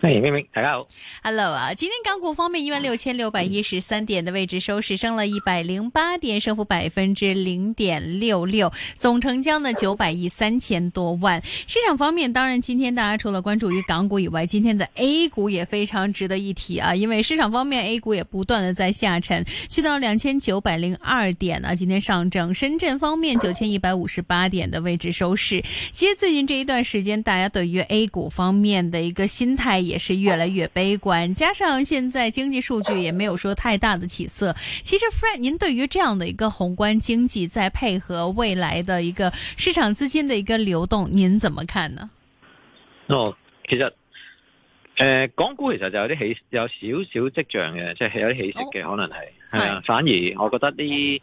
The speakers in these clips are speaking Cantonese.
歡迎明明，大家好。Hello 啊，uh，今天港股方面一萬六千六百一十三點的位置收市，升了一百零八點，升幅百分之零點六六，總成交呢九百億三千多萬。市場方面，當然今天大家除了關注於港股以外，今天的 A 股也非常值得一提啊，因為市場方面 A 股也不斷的在下沉，去到兩千九百零二點呢、啊。今天上證、深圳方面九千一百五十八點的位置收市。其實最近這一段時間，大家對於 A 股方面的一個心態。也是越來越悲觀，加上現在經濟數據也沒有說太大的起色。其實，Frank，您對於這樣的一個宏觀經濟，再配合未來的一個市場資金的一個流動，您怎麼看呢？哦，其實誒、呃，港股其實就有啲起，有少少跡象嘅，即、就、係、是、有啲起色嘅，哦，可能係係啊。反而我覺得呢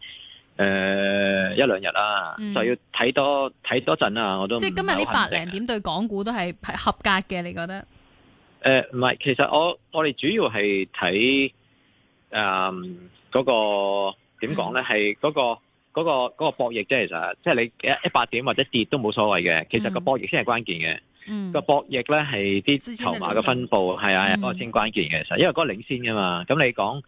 誒、呃、一兩日啦、嗯，就要睇多睇多陣啦。我都即係今日啲百零點對港股都係合格嘅，你覺得？誒、呃，唔係，其實我我哋主要係睇誒嗰個點講咧，係嗰、嗯那個嗰、那個嗰、那個博弈即係實，即係你一一百點或者跌都冇所謂嘅、嗯，其實個博弈先係關鍵嘅。嗯，這個博弈咧係啲籌碼嘅分布係啊，係先關鍵嘅。其、嗯、實因為嗰個領先噶嘛，咁你講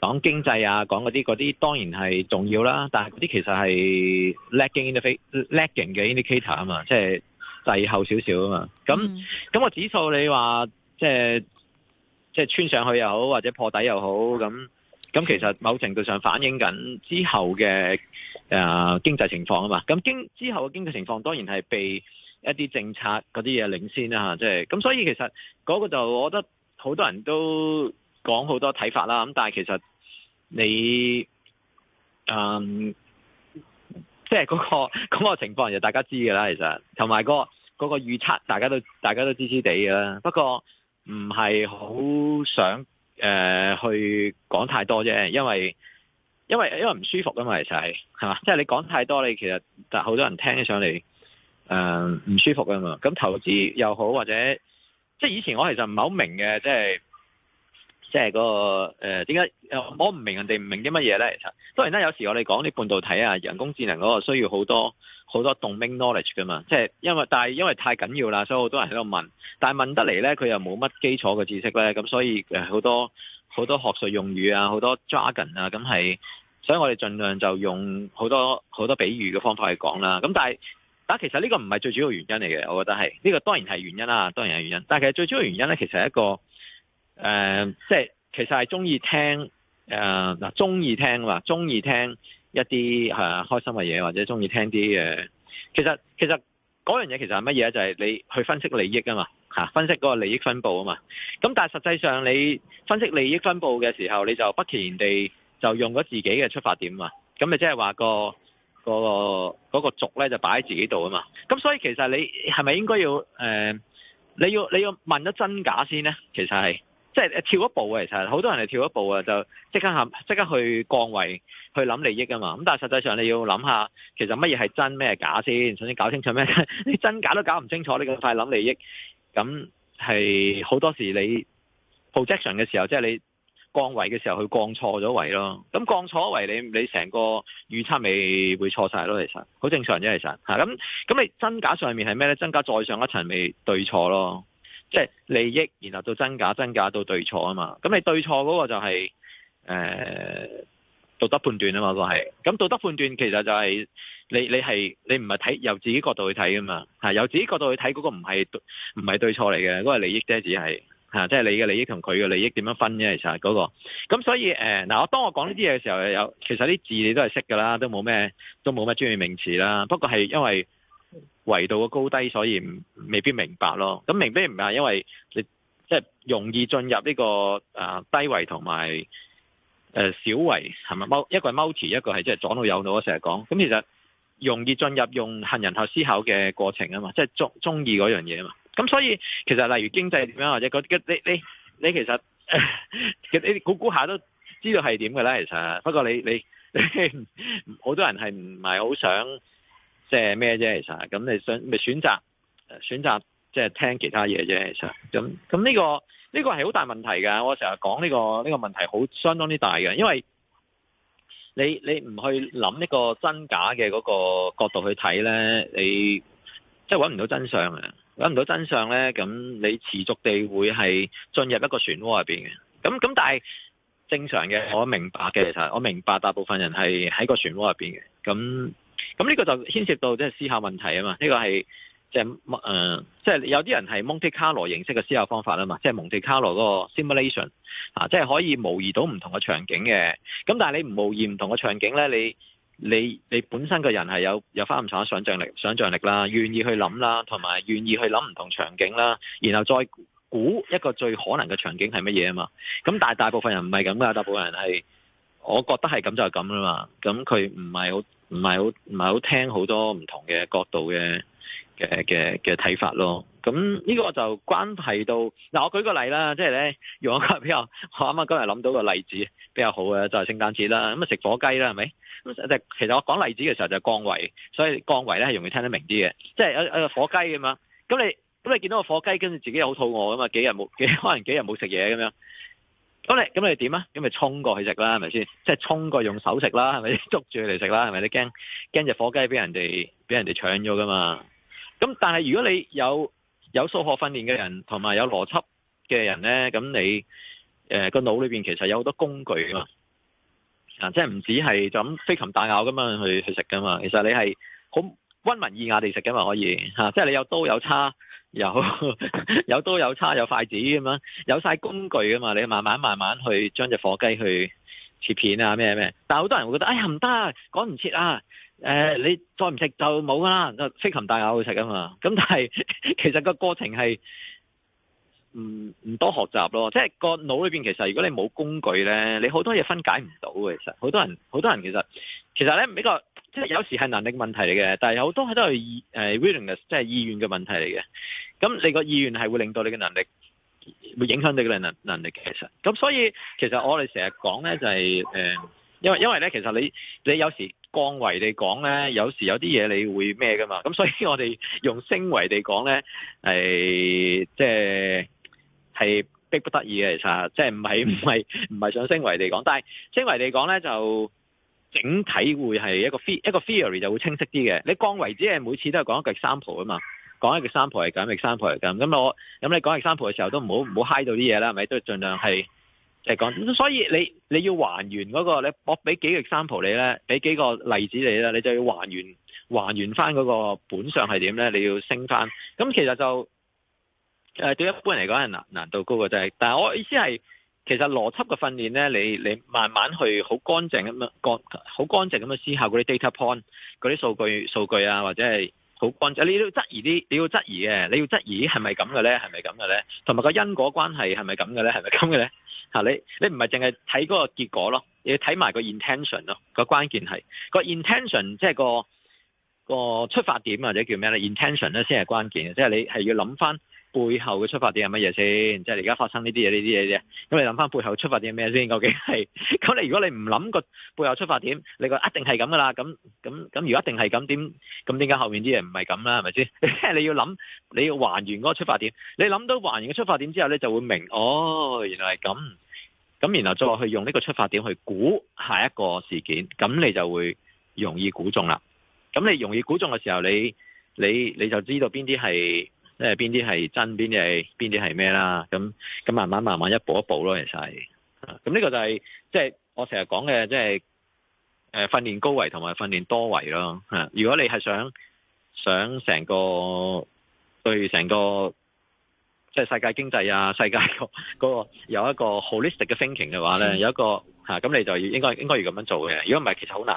講經濟啊，講嗰啲嗰啲當然係重要啦，但係嗰啲其實係 lagging 嘅 indicator 啊嘛，即係滯後少少啊嘛。咁咁個指數你話。即係即係穿上去又好，或者破底又好，咁咁其實某程度上反映緊之後嘅，誒、呃、經濟情況啊嘛。咁經之後嘅經濟情況，當然係被一啲政策嗰啲嘢領先啦吓、啊。即係咁，所以其實嗰個就我覺得好多人都講好多睇法啦。咁但係其實你誒、嗯，即係、嗰個、嗰個、嗰個情況，就大家知嘅啦。其實同埋、嗰個嗰、嗰個預測，大家都大家都知知哋嘅啦。不過，唔係好想誒、呃、去講太多啫，因為因為因為唔舒服噶嘛，其實係係嘛，即係、就是、你講太多，你其實就好多人聽上嚟誒唔舒服噶嘛，咁投資又好或者即係、就是、以前我其實唔係好明嘅，即係。即係嗰個誒點解我唔明人哋唔明啲乜嘢咧？其實當然啦，有時我哋講啲半導體啊、人工智能嗰個需要好多好多 domain knowledge 㗎嘛。即係因為但係因為太緊要啦，所以好多人喺度問。但係問得嚟咧，佢又冇乜基礎嘅知識咧，咁所以誒好多好多學術用語啊、好多 jargon 啊，咁係所以我哋盡量就用好多好多比喻嘅方法去講啦。咁但係但其實呢個唔係最主要原因嚟嘅，我覺得係呢個當然係原因啦，當然係原因。但係其實最主要原因咧，其實係一個。誒、呃，即係其實係中意聽誒嗱，中、呃、意聽話，中意聽一啲係、啊、開心嘅嘢，或者中意聽啲嘢、呃。其實其實嗰樣嘢其實係乜嘢就係、是、你去分析利益啊嘛，吓、啊、分析嗰個利益分布啊嘛。咁但係實際上你分析利益分布嘅時候，你就不期然地就用咗自己嘅出發點啊嘛。咁咪即係話個、那個、那個嗰個軸，咧就擺喺自己度啊嘛。咁所以其實你係咪應該要誒、呃，你要你要問咗真假先咧？其實係。即係跳一步啊！其實好多人係跳一步啊，就即刻即刻去降位去諗利益啊嘛。咁但係實際上你要諗下，其實乜嘢係真咩係假先，首先搞清楚咩？你真假都搞唔清楚，你咁快諗利益，咁係好多時你 projection 嘅時候，即係你降位嘅時候，佢降錯咗位咯。咁降錯位，你你成個預測咪會錯晒咯？其實好正常啫、啊，其實吓咁咁。你真假上面係咩咧？真假再上一層，未對錯咯？即、就、係、是、利益，然後到真假，真假到對錯啊嘛。咁你對錯嗰個就係、是、誒、呃、道德判斷啊嘛，嗰係。咁道德判斷其實就係、是、你你係你唔係睇由自己角度去睇啊嘛，係由自己角度去睇嗰、那個唔係唔係對錯嚟嘅，嗰、那個是利益啫，只係嚇，即係你嘅利益同佢嘅利益點樣分啫，其實嗰、那個。咁所以誒嗱，我、呃、當我講呢啲嘢嘅時候，有其實啲字你都係識㗎啦，都冇咩都冇咩專業名詞啦。不過係因為。維度嘅高低，所以未必明白咯。咁未必唔係，因為你即係、就是、容易進入呢、這個誒、呃、低維同埋誒小維係咪？踎一個係 multi，一個係即係左腦右腦。我成日講，咁其實容易進入用杏仁核思考嘅過程啊嘛，即、就、係、是、中中意嗰樣嘢啊嘛。咁所以其實例如經濟點樣或者你你你其實、呃、你你估估下都知道係點嘅啦。其實不過你你好多人係唔係好想。即係咩啫？其實咁你想咪選擇選擇即係聽其他嘢啫？其實咁咁呢個呢個係好大問題噶。我成日講呢個呢個問題好相當之大嘅，因為你你唔去諗呢個真假嘅嗰個角度去睇咧，你即係搵唔到真相啊！搵唔到真相咧，咁你持續地會係進入一個漩渦入邊嘅。咁咁但係正常嘅，我明白嘅。其實我明白大部分人係喺個漩渦入邊嘅。咁咁呢個就牽涉到即係思考問題啊嘛，呢、這個係即係誒，即、就、係、是呃就是、有啲人係蒙特卡羅形式嘅思考方法啦嘛，即係蒙特卡羅嗰個 simulation 啊，即、就、係、是、可以模擬到唔同嘅場景嘅。咁但係你唔模擬唔同嘅場景咧，你你你本身個人係有有翻唔慘嘅想像力、想像力啦，願意去諗啦，同埋願意去諗唔同場景啦，然後再估一個最可能嘅場景係乜嘢啊嘛。咁但係大大部分人唔係咁噶，大部分人係我覺得係咁就係咁㗎嘛。咁佢唔係好。唔係好唔係好聽好多唔同嘅角度嘅嘅嘅嘅睇法咯。咁、這、呢個就關係到嗱，我舉個例啦，即係咧用一個比較我啱啱今日諗到個例子比較好嘅，就係聖誕節啦，咁啊食火雞啦，係咪？咁其實我講例子嘅時候就係降維，所以降維咧係容易聽得明啲嘅，即係一一個火雞咁樣。咁你咁你見到個火雞，跟住自己又好肚餓咁嘛，幾日冇幾可能幾日冇食嘢咁樣。咁你咁你點啊？咁你衝過去食啦，係咪先？即係衝過去用手食啦，係咪？捉住佢嚟食啦，係咪？你驚驚隻火雞俾人哋俾人哋搶咗噶嘛？咁但係如果你有有數學訓練嘅人同埋有邏輯嘅人咧，咁你誒個腦裏邊其實有好多工具㗎嘛啊！即係唔止係就咁飛禽大咬咁樣去去食噶嘛，其實你係好溫文爾雅地食噶嘛，可以吓、啊，即係你有刀有叉。有 有刀有叉有筷子咁樣，有晒工具嘛？你慢慢慢慢去將隻火雞去切片啊。咩咩？但係好多人會覺得，哎呀唔得，趕唔切啊！誒、呃，你再唔食就冇噶啦，即係擒大咬去食啊嘛！咁但係其實個過程係唔唔多學習咯，即、就、係、是、個腦裏邊其實如果你冇工具咧，你好多嘢分解唔到嘅。其實好多人好多人其實其實咧呢個。即係有時係能力問題嚟嘅，但係有好多係都係誒 willingness 即係意願嘅問題嚟嘅。咁你個意願係會令到你嘅能力，會影響你嘅能能能力。其實，咁所以其實我哋成日講咧，就係、是、誒、呃，因為因為咧，其實你你有時降維地講咧，有時有啲嘢你會咩噶嘛。咁所以我哋用升維地講咧，係即係係逼不得已嘅，其實即係唔係唔係唔係想升維地講，但係升維地講咧就。整體會係一個 f e 一個 theory 就會清晰啲嘅。你降為止係每次都係講一個 example 啊嘛，講一個 example 係咁一 example 係咁。咁我咁你講 example 嘅時候都唔好唔好 high 到啲嘢啦，咪都盡量係即、就是、講所以你你要還原嗰、那個，你俾幾個 example 你咧，俾幾個例子你呢，你就要還原還原翻嗰個本相係點咧？你要升翻。咁其實就誒、呃、對一般嚟講係難難度高嘅，就係但係我意思係。其實邏輯嘅訓練咧，你你慢慢去好乾淨咁樣乾，好乾淨咁樣思考嗰啲 data point，嗰啲數據數據啊，或者係好乾淨，你都要質疑啲，你要質疑嘅，你要質疑係咪咁嘅咧？係咪咁嘅咧？同埋個因果關係係咪咁嘅咧？係咪咁嘅咧？吓你你唔係淨係睇嗰個結果咯，你要睇埋個 intention 咯，個關鍵係個 intention 即係個個出發點或者叫咩咧？intention 咧先係關鍵嘅，即係你係要諗翻。背後嘅出發點係乜嘢先？即係你而家發生呢啲嘢呢啲嘢啫。咁你諗翻背後出發點係咩先？究竟係咁？你如果你唔諗個背後出發點，你個一定係咁噶啦。咁咁咁，如果一定係咁，點咁？點解後面啲嘢唔係咁啦？係咪先？ 你要諗，你要還原嗰個出發點。你諗到還原嘅出發點之後，你就會明白哦，原來係咁。咁然後再去用呢個出發點去估下一個事件，咁你就會容易估中啦。咁你容易估中嘅時候，你你你就知道邊啲係。即係邊啲係真，邊啲係邊啲係咩啦？咁咁慢慢慢慢一步一步咯，其實係。咁呢個就係即係我成日講嘅，即係誒訓練高維同埋訓練多維咯。如果你係想想成個對成個即係、就是、世界經濟啊，世界、那個嗰個有一個 holistic 嘅 thinking 嘅話咧、嗯，有一個吓，咁你就應該應該要咁樣做嘅。如果唔係，其實好難。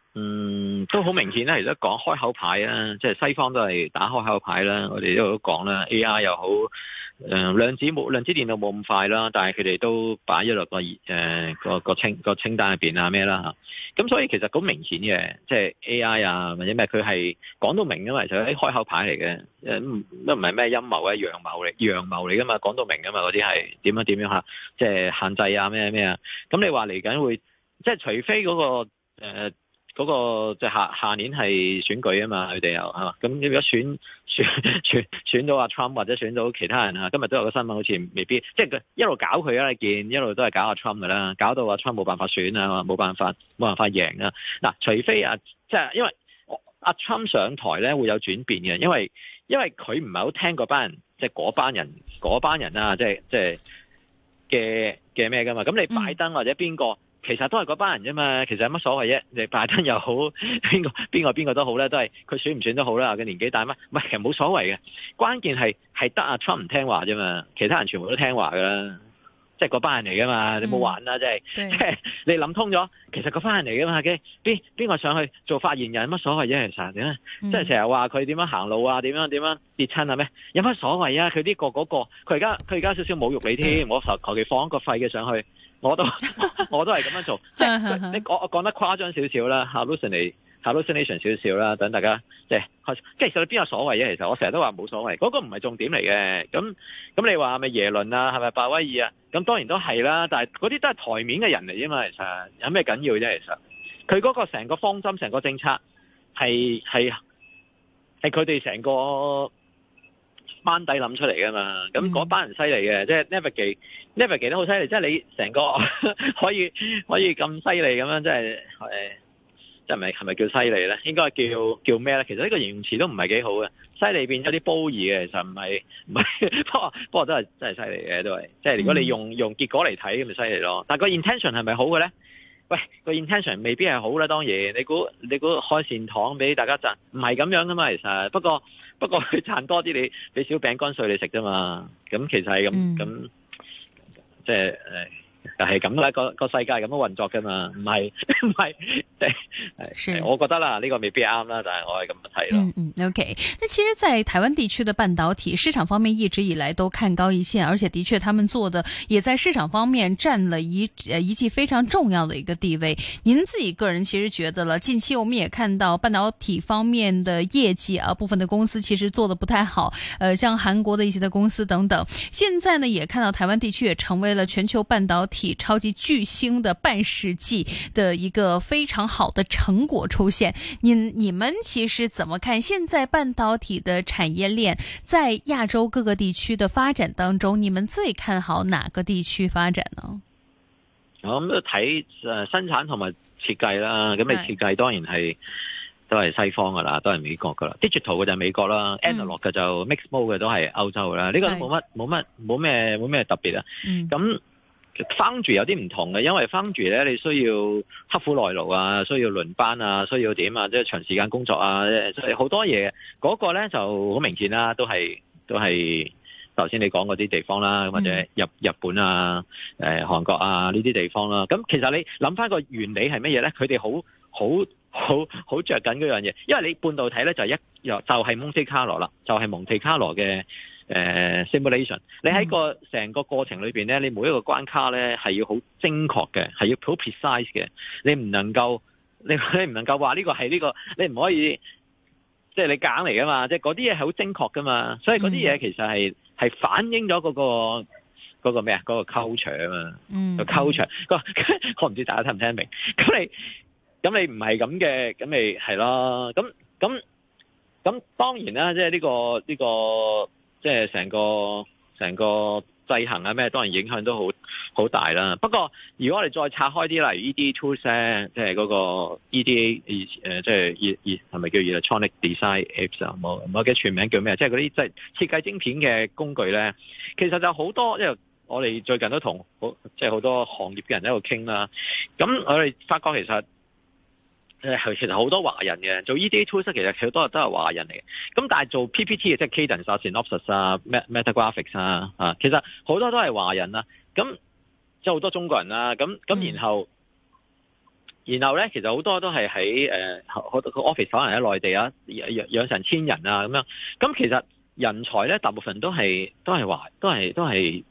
嗯，都好明顯啦，其實講開口牌啊，即係西方都係打開口牌啦。我哋都講啦，A. I. 又好，誒、嗯，量子冇量子電腦冇咁快啦，但係佢哋都擺咗落個，誒、呃，個個清個清單入邊啊咩啦吓。咁所以其實好明顯嘅，即係 A. I. 啊或者咩，佢係講到明噶嘛，其實啲開口牌嚟嘅，都唔係咩陰謀啊陽謀嚟陽謀嚟噶嘛，講到明噶嘛，嗰啲係點樣點樣吓，即係限制啊咩咩啊。咁你話嚟緊會，即係除非嗰、嗰個誒。呃嗰、那個即、就是、下下年係選舉啊嘛，佢哋又係嘛，咁如果選選選選到阿 Trump 或者選到其他人啊，今日都有個新聞，好似未必，即係佢一路搞佢啦，你見一路都係搞阿 Trump 㗎啦，搞到阿 Trump 冇辦法選啊，冇辦法冇辦法，法贏啊，嗱，除非啊，即、就、係、是、因為阿 Trump、啊、上台咧會有轉變嘅，因為因為佢唔係好聽嗰班即係嗰班人嗰班、就是、人，人啊即係即係嘅嘅咩㗎嘛，咁你拜登或者邊個？其實都係嗰班人啫嘛，其實有乜所謂啫？你拜登又好，邊個邊個邊個都好呢，都係佢選唔選都好啦。佢年紀大乜？唔係，其實冇所謂嘅。關鍵係係得阿 Trump 唔聽話啫嘛，其他人全部都聽話噶啦，即係嗰班人嚟噶嘛。你冇玩啦、啊嗯，即係即係你諗通咗。其實嗰班人嚟噶嘛嘅，邊邊個上去做發言人乜所謂啫？其實點咧，嗯、即係成日話佢點樣行路啊，點樣點樣跌親啊咩？有乜所謂啊？佢呢個嗰、嗰個，佢而家佢而家少少侮辱你添，我求求其放一個廢嘅上去。 我都我都係咁樣做， 即係 你講我講得誇張少少啦，hallucinate hallucination 少少啦，等大家即係，即係其實你邊有所謂嘅？其實我成日都話冇所謂，嗰個唔係重點嚟嘅。咁咁你話係咪耶倫啊，係咪鮑威爾啊？咁當然都係啦，但係嗰啲都係台面嘅人嚟啫嘛。其實有咩緊要啫？其實佢嗰個成個方針、成個政策係係係佢哋成個。班底諗出嚟噶嘛？咁嗰班人犀利嘅，即係 navigate navigate 都好犀利。即係你成個可以可以咁犀利咁樣，即係即係咪咪叫犀利咧？應該叫叫咩咧？其實呢個形容詞都唔係幾好嘅。犀利變咗啲褒義嘅，其實唔係，唔係，不過不過都係真係犀利嘅，都係即係如果你用、mm. 用結果嚟睇，咪犀利咯。但個 intention 係咪好嘅咧？喂，個 intention 未必係好啦，當然你估你估開善堂俾大家賺，唔係咁樣噶嘛，其實不過不過佢賺多啲，你俾小餅乾碎你食啫嘛，咁其實係咁，咁即係誒，就係咁啦，個個世界咁樣運作㗎嘛，唔係唔係。 是， 我覺得啦，呢、這個未必啱啦，但係我係咁睇咯。嗯嗯，OK，那其實，在台灣地區的半導體市場方面，一直以來都看高一綫，而且的確，他們做的也在市場方面佔了一一記非常重要的一個地位。您自己個人其實覺得了，了近期我們也看到半導體方面的業績啊，部分的公司其實做得不太好，呃，像韓國的一些的公司等等。現在呢，也看到台灣地區也成為了全球半導體超級巨星的半世紀的一個非常。好的成果出現，您，你，你們其實怎麼看現在半導體的產業鏈在亞洲各個地區的發展當中，你們最看好哪個地區發展呢？我們都睇生產同埋設計啦，咁啊，設計當然係都係西方噶啦，都係美國噶啦，Digital 嘅就是美國啦 Analog 嘅就 mixed mode 嘅都係歐洲啦，呢、嗯這個都冇乜冇乜冇咩冇咩特別啊，咁、嗯。foundry 有啲唔同嘅，因為 foundry 咧你需要刻苦耐勞啊，需要輪班啊，需要點啊，即係長時間工作啊，即係好多嘢。嗰、那個咧就好明顯啦，都係都係頭先你講嗰啲地方啦，或者日日本啊、誒韓國啊呢啲地方啦、啊。咁、mm -hmm. 其實你諗翻個原理係乜嘢咧？佢哋好好好好着緊嗰樣嘢，因為你半導體咧就係一又就係蒙特卡羅啦，就係、是就是、蒙特卡羅嘅。就是 Uh, simulation，mm. 你喺個成個過程裏面咧，你每一個關卡咧係要好精確嘅，係要 precise 嘅。你唔能夠，你你唔能夠話呢個係呢個，你唔可以，即係你揀嚟噶嘛，即係嗰啲嘢係好精確噶嘛。所以嗰啲嘢其實係係反映咗嗰個嗰個咩啊，嗰個 culture 啊嘛，mm. 個 culture 我唔知大家聽唔聽得明。咁你咁你唔係咁嘅，咁你係咯。咁咁咁當然啦，即係呢個呢個。這個即係成個成個制衡啊咩，當然影響都好好大啦。不過如果我哋再拆開啲，例如 EDA tools 即係嗰個 E D A，呃即係 E D，係咪叫 Electronic Design Apps 我唔記得全名叫咩？即係嗰啲即係設計晶片嘅工具咧，其實就好多，因為我哋最近都同好即係好多行業嘅人喺度傾啦。咁我哋發覺其實。其實好多華人嘅做 EDA tools，其實好多都係華人嚟嘅。咁但係做 PPT 嘅，即係 Cadence 啊、Synopsys 啊、Met Mentor Graphics 啊，啊，其實好多都係華人啦。咁即係好多中國人啦。咁咁、嗯，然後然後咧，其實好多都係喺誒好多個 office 可能喺內地啊，有成千人啊咁樣。咁其實人才咧，大部分都係都係華，都係都係。都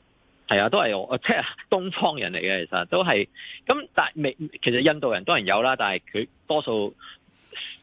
係啊，都係我即係東方人嚟嘅，其實都係。咁但係未，其實印度人當然有啦，但係佢多數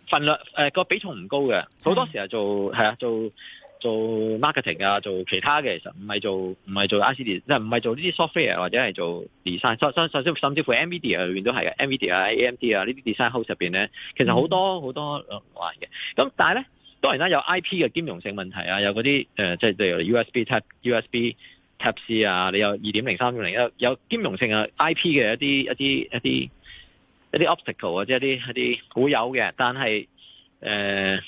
份量誒個比重唔高嘅。好多時候做係啊，做做 marketing 啊，做其他嘅其實唔係做唔係做 ICD，即係唔係做呢啲 software 或者係做 design。甚甚甚至乎 NVIDIA 裏邊都係嘅，NVIDIA、AMD 啊呢啲 design house 入邊咧，其實好多好、嗯、多難嘅。咁、嗯、但係咧，當然啦，有 IP 嘅兼容性問題啊，有嗰啲誒，即係例如 USB type USB。c a C 啊，你有二點零、三點零，有一一一一一兼容性啊 IP 嘅一啲一啲一啲一啲 obstacle 啊，即係一啲一啲好友嘅，但係誒誒，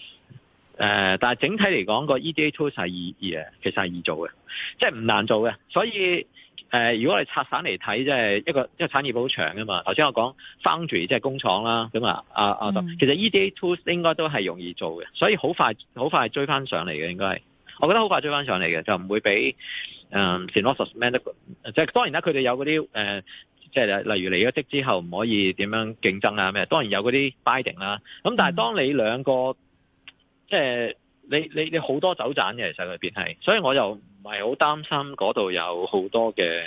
但係整體嚟講個 EDA tool 係易嘅，其實係易做嘅，即係唔難做嘅。所以誒、呃，如果你拆散嚟睇，即係一個一個產業好長啊嘛。頭先我講 foundry 即係工廠啦，咁啊啊啊，其實 EDA tool 應該都係容易做嘅，所以好快好快追翻上嚟嘅，應該係。我覺得好快追翻上嚟嘅，就唔會俾嗯 s e n s man 即係當然啦。佢哋有嗰啲誒，即、呃、係例如離咗職之後唔可以點樣競爭呀、啊、咩？當然有嗰啲 binding 啦。咁但係當你兩個即係、呃、你你你好多走盞嘅，其實裏面係，所以我又唔係好擔心嗰度有好多嘅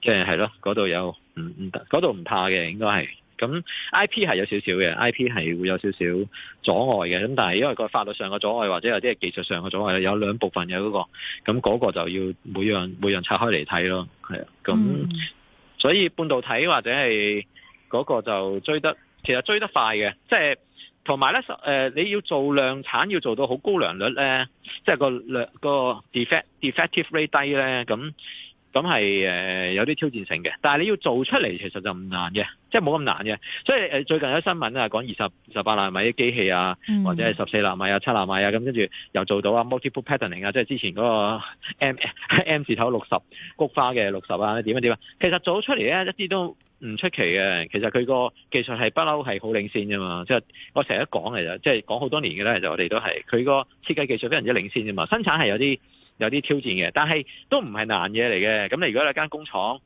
即係係咯，嗰度有唔唔嗰度唔怕嘅應該係。咁 IP 係有少少嘅，IP 係會有少少阻礙嘅。咁但係因為個法律上嘅阻礙，或者有啲係技術上嘅阻礙，有兩部分嘅嗰個，咁嗰個就要每樣每樣拆開嚟睇咯。係啊，咁、嗯、所以半導體或者係嗰個就追得，其實追得快嘅。即係同埋咧，誒你要做量產，要做到好高良率咧，即係個良個 defect defectivity 低咧，咁。咁係誒有啲挑戰性嘅，但係你要做出嚟其實就唔難嘅，即係冇咁難嘅。所以最近有新聞啊，講二十十八納米機器啊，嗯、或者係十四納米啊、七納米啊，咁跟住又做到啊，multiple patterning 啊，即係之前嗰個 M M 字頭六十菊花嘅六十啊，點樣點樣，其實做出嚟咧一啲都唔出奇嘅。其實佢個技術係不嬲係好領先㗎嘛。即係我成日講嚟其實即係講好多年嘅咧，就我哋都係佢個設計技術非常之領先㗎嘛。生產係有啲。有啲挑戰嘅，但係都唔係難嘢嚟嘅。咁你如果你有間工廠，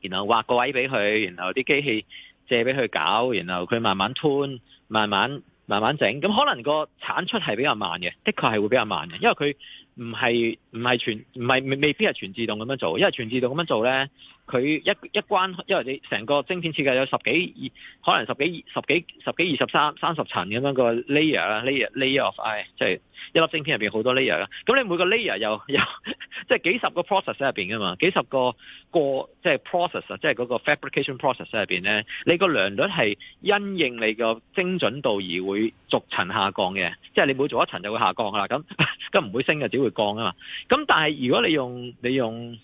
然後劃個位俾佢，然後啲機器借俾佢搞，然後佢慢慢吞，慢慢慢慢整，咁可能個產出係比較慢嘅，的確係會比較慢嘅，因為佢唔係唔係全唔係未未必係全自動咁樣做，因為全自動咁樣做呢。佢一一關，因為你成個晶片設計有十幾，可能十幾、十幾、十幾，十幾二十三、三十層咁樣個 layer 啦，layer layer，即係、哎就是、一粒晶片入邊好多 layer 啦。咁你每個 layer 又有，即係 幾十個 process 入邊噶嘛？幾十個個即係、就是、process 啊，即係嗰個 fabrication process 入邊咧。你個良率係因應你個精準度而會逐層下降嘅，即、就、係、是、你每做一層就會下降噶啦。咁咁唔會升嘅，只會降啊嘛。咁但係如果你用你用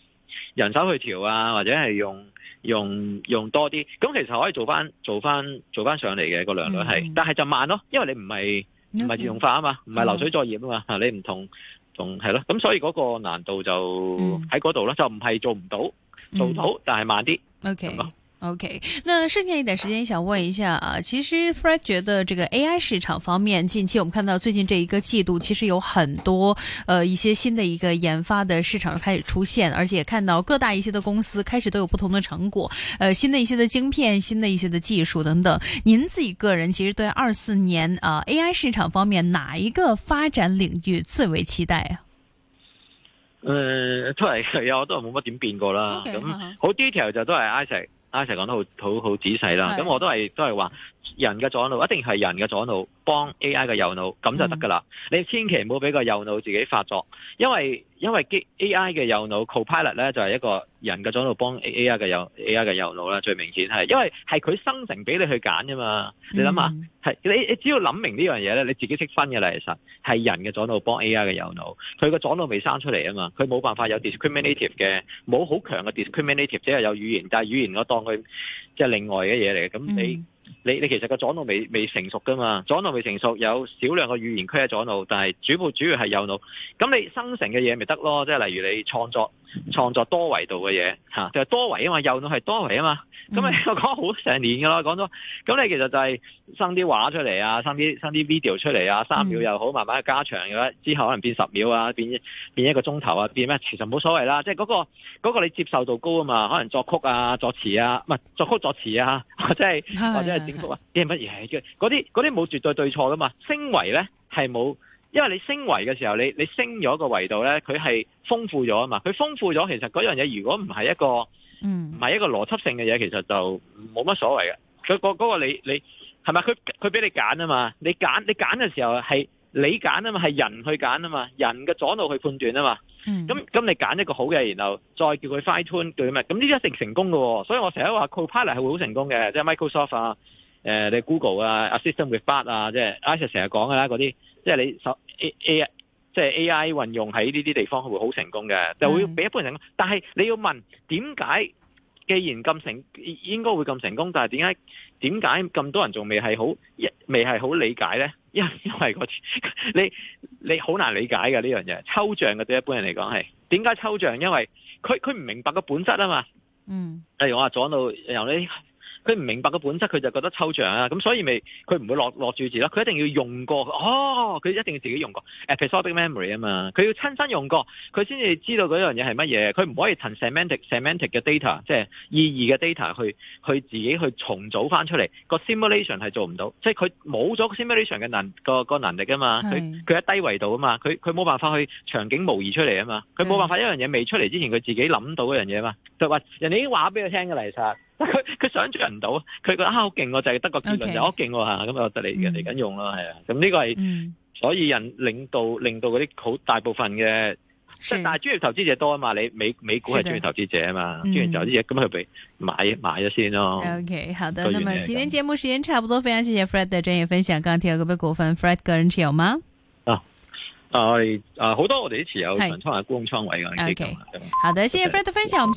人手去調啊，或者係用用用多啲，咁其實可以做翻做翻做翻上嚟嘅，嗰個良率係，嗯，但係就慢咯，因為你唔係唔係自動化啊嘛，唔係流水作業啊嘛，yeah. 你唔同同係咯，咁所以嗰個難度就喺嗰度咯，嗯，就唔係做唔到，做到，嗯，但係慢啲。Okay. OK，那剩下一點時間，想問一下啊，其實 Fred 覺得這個 AI 市場方面，近期我們看到最近這一個季度，其實有很多呃一些新的一個研發的市場開始出現，而且也看到各大一些的公司開始都有不同的成果，呃，新的一些的晶片，新的一些的技術等等。您自己個人其實對二四年啊、呃、AI 市場方面哪一個發展領域最為期待啊？呃、嗯，都係誰啊我都冇乜點變過啦，咁、Okay, okay. 好 detail 就都係 ISA 阿成講得好，好好仔細啦。咁我都係都係話。人嘅左腦一定係人嘅左腦幫 A I 嘅右腦，咁就得噶啦。Mm. 你千祈唔好俾個右腦自己發作，因為因為機 A I 嘅右腦 co-pilot 咧就係、是、一個人嘅左腦幫 A I 嘅右 A I 嘅右腦啦，最明顯係因為係佢生成俾你去揀啫嘛。Mm. 你諗下，係你你只要諗明呢樣嘢咧，你自己識分嘅啦。其實係人嘅左腦幫 A I 嘅右腦，佢個左腦未生出嚟啊嘛，佢冇辦法有 discriminative 嘅，冇好強嘅 discriminative，即係有語言，但係語言我當佢即係另外嘅嘢嚟，咁你。Mm. 你你其實個左腦未未成熟噶嘛，左腦未成熟，有少量嘅語言區喺左腦，但係主部主要係右腦。咁你生成嘅嘢咪得咯？即係例如你創作。創作多維度嘅嘢吓，就係多維啊嘛，右腦係多維啊嘛，咁、嗯、你 我講好成年噶啦，講咗，咁你其實就係生啲畫出嚟啊，生啲生啲 video 出嚟啊，三秒又好，慢慢加長嘅，之後可能變十秒啊，變變一個鐘頭啊，變咩？其實冇所謂啦，即係嗰個嗰個你接受度高啊嘛，可能作曲啊作詞啊，唔係作曲作詞啊，或者係或者係整曲啊，啲係乜嘢嘅，嗰啲嗰啲冇絕對對錯噶嘛，升維咧係冇。因為你升維嘅時候，你你升咗個維度咧，佢係豐富咗啊嘛！佢豐富咗，其實嗰樣嘢如果唔係一個唔係、嗯、一個邏輯性嘅嘢，其實就冇乜所謂嘅。佢個嗰個你你係咪佢佢俾你揀啊嘛？你揀你揀嘅時候係你揀啊嘛，係人去揀啊嘛，人嘅左腦去判斷啊嘛。咁、嗯、咁你揀一個好嘅，然後再叫佢 fine tune 叫咩？咁呢啲一定成功嘅、哦。所以我成日話 Copilot 係會好成功嘅，即係 Microsoft 啊、誒、呃、你 Google 啊、Assistant with Bard 啊，即係 I Sir 成日講嘅啦嗰啲。即、就、係、是、你所 A A 即係 A I 運用喺呢啲地方，佢會好成功嘅，就會比一般人成功。Mm. 但係你要問點解，既然咁成應該會咁成功，但係點解點解咁多人仲未係好，未係好理解咧？因因為、那個、 你你好難理解嘅呢樣嘢，抽象嘅，對一般人嚟講，係點解抽象？因為佢佢唔明白個本質啊嘛。嗯、mm.，例如我話講到由你。佢唔明白個本質，佢就覺得抽象啊！咁所以咪，佢唔會落落住字啦。佢一定要用過，哦，佢一定要自己用過，episodic memory 啊嘛。佢要親身用過，佢先至知道嗰樣嘢係乜嘢。佢唔可以憑 semantic semantic 嘅 data，即係意義嘅 data 去去自己去重組翻出嚟個 simulation 係做唔到，即係佢冇咗 simulation 嘅能、個個能力啊嘛。佢佢喺低維度啊嘛。佢佢冇辦法去場景模擬出嚟啊嘛。佢冇辦法一樣嘢未出嚟之前，佢自己諗到嗰樣嘢嘛。就話、是、人哋已經話俾佢聽嘅啦，其實。佢 佢想象唔到，佢覺得好勁，我就係、是、得國結論就好勁喎吓，咁啊得嚟嚟緊用咯，係、嗯、啊，咁呢個係所以人領導，令到嗰啲好大部分嘅，但係專業投資者多啊嘛，你美美股係專業投資者啊嘛，專業投資者，咁佢咪買買咗先咯。O、okay, K. 好的，咁啊，今天節目時間差唔多，非常謝謝 Fred 嘅專業分享。剛剛持有嗰筆股份，Fred 個人持有嗎？啊，係、呃、啊，好、呃、多我哋持有人，倉下沽空倉位嘅好的，謝謝 Fred 嘅分享，我們